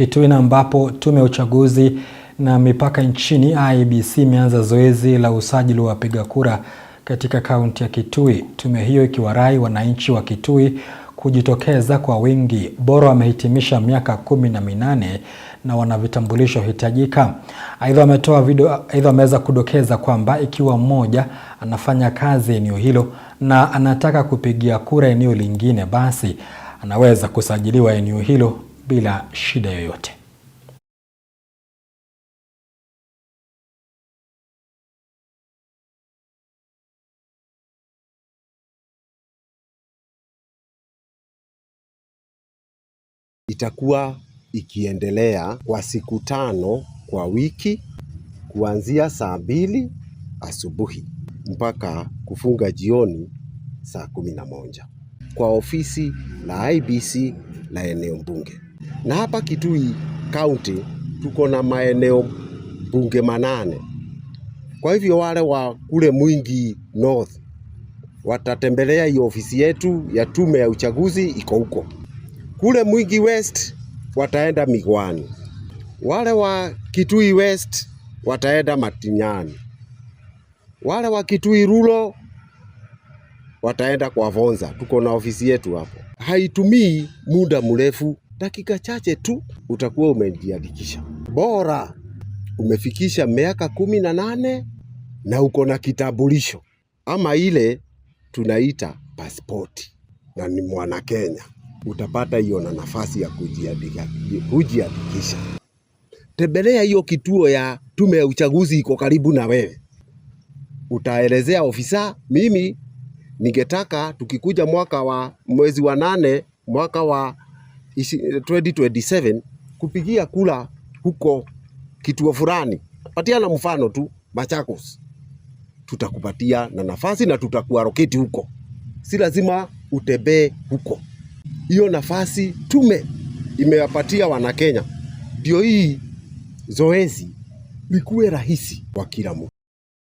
Kitwina ambapo Tume ya Uchaguzi na Mipaka nchini IEBC imeanza zoezi la usajili wa wapiga kura katika kaunti ya Kitui, tume hiyo ikiwarai wananchi wa Kitui kujitokeza kwa wingi. boro amehitimisha miaka kumi na minane na wana vitambulisho hitajika. Aidha ametoa video, aidha ameweza kudokeza kwamba ikiwa mmoja anafanya kazi eneo hilo na anataka kupigia kura eneo lingine, basi anaweza kusajiliwa eneo hilo bila shida yoyote. Itakuwa ikiendelea kwa siku tano kwa wiki kuanzia saa mbili asubuhi mpaka kufunga jioni saa kumi na moja kwa ofisi la IEBC la eneo bunge na hapa Kitui Kaunti tuko na maeneo bunge manane. Kwa hivyo wale wa kule Mwingi North watatembelea hiyo ofisi yetu ya tume ya uchaguzi iko huko. Kule Mwingi West wataenda Migwani, wale wa Kitui West wataenda Matinyani, wale wa Kitui Rulo wataenda kwa Vonza. Tuko na ofisi yetu hapo, haitumii muda mrefu dakika chache tu utakuwa umejiandikisha. Bora umefikisha miaka kumi na nane na uko na kitambulisho ama ile tunaita pasipoti na ni mwana Kenya, utapata hiyo na nafasi ya kujiandikisha. Tembelea hiyo kituo ya tume ya uchaguzi, iko karibu na wewe. Utaelezea ofisa, mimi ningetaka tukikuja mwaka wa mwezi wa nane mwaka wa 2027 kupigia kula huko kituo fulani, patiana mfano tu Machakos, tutakupatia na nafasi na tutakuaroketi huko, si lazima utembee huko. Hiyo nafasi tume imewapatia Wanakenya, ndio hii zoezi likuwe rahisi kwa kila mtu.